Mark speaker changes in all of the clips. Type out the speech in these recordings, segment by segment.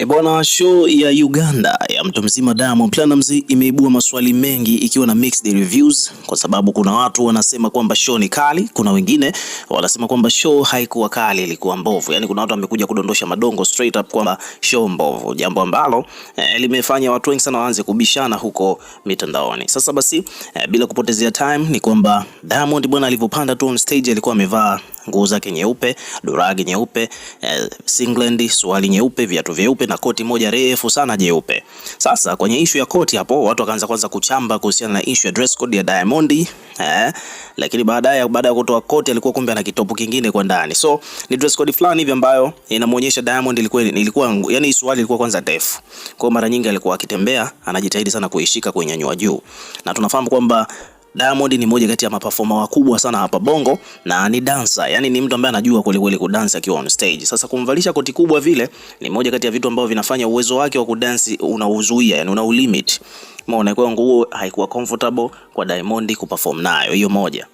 Speaker 1: E bwana, show ya Uganda ya mtu mzima Diamond Platnumz imeibua maswali mengi ikiwa na mixed reviews, kwa sababu kuna watu wanasema kwamba show ni kali, kuna wengine wanasema kwamba show haikuwa kali, ilikuwa mbovu. Yani kuna watu wamekuja kudondosha madongo straight up kwamba show mbovu, jambo ambalo eh, limefanya watu wengi sana waanze kubishana huko mitandaoni. Sasa basi eh, bila kupotezea time ni kwamba Diamond bwana alivyopanda tu on stage alikuwa amevaa nguo zake nyeupe, duragi nyeupe, eh, singlendi, suali nyeupe, viatu vyeupe na koti moja refu sana jeupe. Sasa kwenye ishu ya koti hapo watu wakaanza kwanza kuchamba kuhusiana na ishu ya dress code ya Diamond eh, lakini baadaye baada ya kutoa koti alikuwa kumbe ana kitopu kingine kwa ndani. So ni dress code fulani hivi ambayo inamuonyesha Diamond ilikuwa ilikuwa yani suali ilikuwa kwanza ndefu. Kwa mara nyingi alikuwa akitembea anajitahidi sana kuishika kwenye nyua juu. Na tunafahamu kwamba Diamond ni moja kati ya maperforma wakubwa sana hapa Bongo na ni dancer, yani ni mtu ambaye anajua kweli kweli kudance akiwa on stage. Sasa kumvalisha koti kubwa vile ni moja kati ya vitu ambavyo vinafanya uwezo wake wa kudansi unauzuia, yani una ulimit. Umeona, kwa nguo haikuwa comfortable kwa Diamond kuperform nayo, hiyo moja.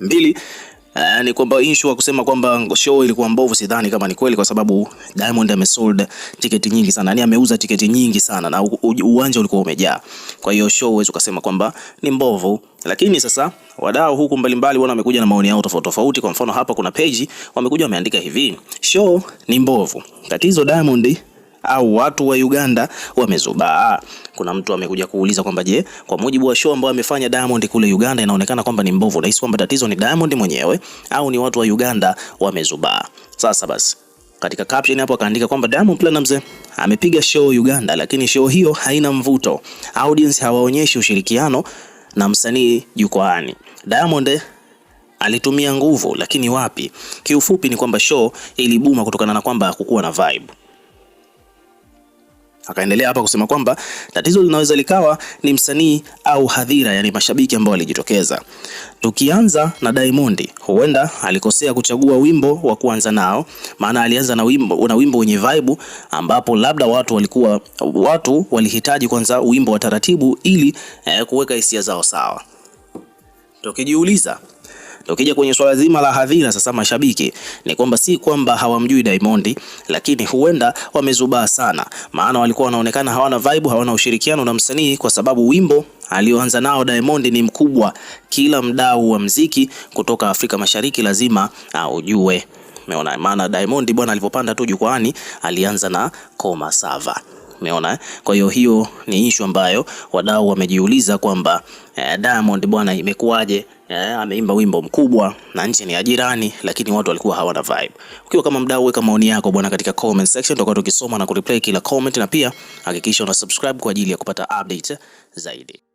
Speaker 1: Mbili, Uh, ni kwamba issue wa kusema kwamba show ilikuwa mbovu sidhani kama ni kweli, kwa sababu Diamond amesold tiketi nyingi sana, yani ameuza tiketi nyingi sana na uwanja ulikuwa umejaa. Kwa hiyo show huwezi ukasema kwamba ni mbovu, lakini sasa wadau huku mbalimbali wana wamekuja na maoni yao tofauti tofauti. Kwa mfano hapa kuna page wamekuja wameandika hivi, show ni mbovu, tatizo Diamond au watu wa Uganda wamezubaa. Kuna mtu amekuja kuuliza kwamba je, kwa mujibu wa show ambayo amefanya Diamond kule Uganda inaonekana kwamba ni mbovu. Nahisi kwamba tatizo ni Diamond mwenyewe au ni watu wa Uganda wamezubaa. Sasa basi katika caption hapo akaandika kwamba Diamond Platnumz amepiga show Uganda, lakini show hiyo haina mvuto, audience hawaonyeshi ushirikiano na msanii jukwaani. Diamond alitumia nguvu, lakini wapi? Kiufupi ni kwamba show ilibuma kutokana na kwamba hakukuwa na vibe. Akaendelea hapa kusema kwamba tatizo linaweza likawa ni msanii au hadhira, yani mashabiki ambao walijitokeza. Tukianza na Diamond, huenda alikosea kuchagua wimbo wa kuanza nao, maana alianza na wimbo una wimbo wenye vibe, ambapo labda watu walikuwa watu walihitaji kwanza wimbo wa taratibu ili eh, kuweka hisia zao sawa. Tukijiuliza Ukija kwenye swala zima la hadhira sasa, mashabiki ni kwamba si kwamba hawamjui Diamond, lakini huenda wamezubaa sana, maana walikuwa wanaonekana hawana vibe, hawana ushirikiano na msanii, kwa sababu wimbo alioanza nao Diamond ni mkubwa. Kila mdau wa mziki kutoka Afrika Mashariki lazima aujue, umeona maana Diamond bwana alivyopanda tu jukwaani alianza na Koma Sava. Umeona eh? Kwa hiyo hiyo ni issue ambayo wadau wamejiuliza kwamba eh, Diamond bwana, imekuwaje eh, ameimba wimbo mkubwa na nchi ni ya jirani, lakini watu walikuwa hawana vibe. Ukiwa kama mdau, weka maoni yako bwana katika comment section, tutakuwa tukisoma na kureply kila comment, na pia hakikisha una subscribe kwa ajili ya kupata update zaidi.